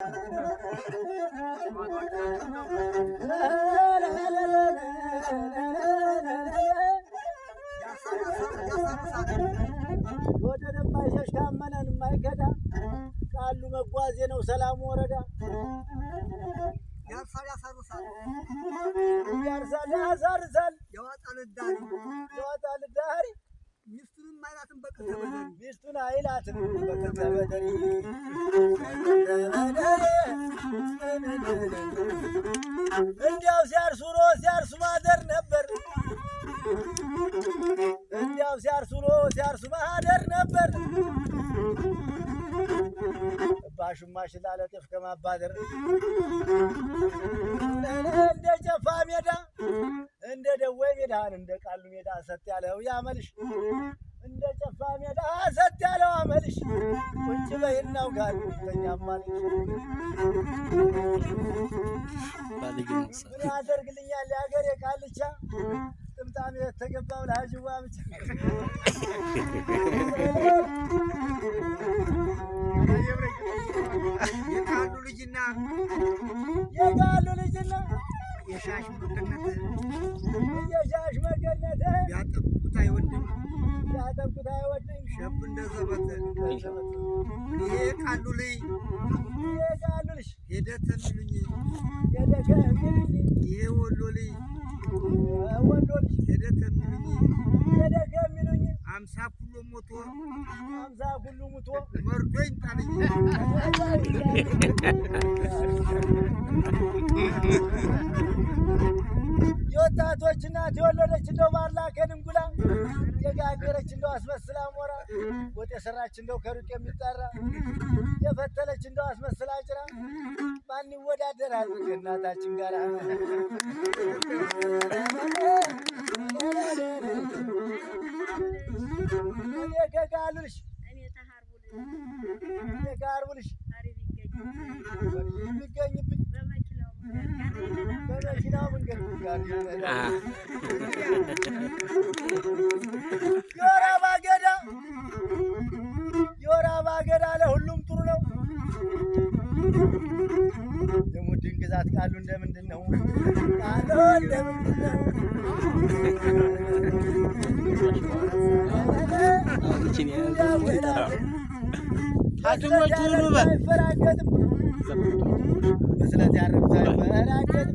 ወደ ለማይሸሽ ታመነን የማይከዳ ቃሉ መጓዜ ነው ሰላሙ ወረዳ አይላትም በከተበደሪ እንዲያው ሲያርሱ ኖ ሲያርሱ ማደር ነበር። እንዲያው ሲያርሱ ኖ ሲያርሱ ማደር ነበር። ባሹማሽ ላለጤፍ ከማባደር እንደ ጨፋ ሜዳ እንደ ደዌ ሜዳን እንደ ቃሉ ሜዳ ሰጥ ያለው ያመልሽ እንደ ጨፋ ሜዳ ሰጥ ያለው አመልሽ ቁጭ በይናው ጋር ምን አደርግልኛል የሀገር የቃልቻ ጥምጣም የተገባው ለአጅዋ ብቻ የቃሉ ልጅና የቃሉ ልጅና የሻሽ መገነት የሻሽ መገነት ያጠቁታ ይወድም የወጣቶች እናት የወለደች እንደው የጋገረች እንደው አስመስላ አሞራ ወጥ የሰራች እንደው ከሩቅ የሚጠራ የፈተለች እንደው አስመስላ ጭራ ማን ይወዳደራል ከእናታችን ጋር? ከጋሉልሽ ከጋርቡልሽ የሚገኝብኝ በመኪናው መንገድ ጋር የወር አበባ አገዳ የወር ለሁሉም ጥሩ ነው። ደግሞ ድንግዛት ቃሉ እንደምንድን ነው? ቃሉ እንደምንድን ነው? አይፈራገጥም በስለት ያረጉት አይፈራገጥም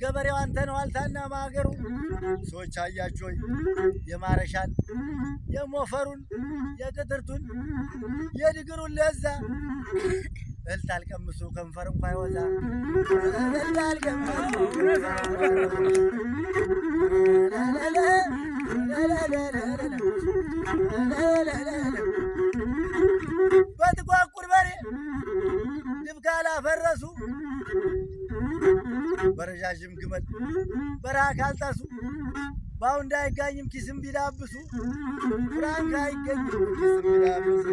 ገበሬው አንተ ነው አልታና ማገሩ ሰዎች አያችሁ የማረሻን የሞፈሩን የቅጥርቱን የድግሩን ለዛ እልት አልቀምሱ ከንፈር እንኳ ይወዛ እልት አልቀምሱ ረዣዥም ግመል በረሃ ካልጠሱ ባውንድ አይጋኝም ኪስም ቢዳብሱ ፍራንክ አይገኝም ኪስም ቢዳብሱ።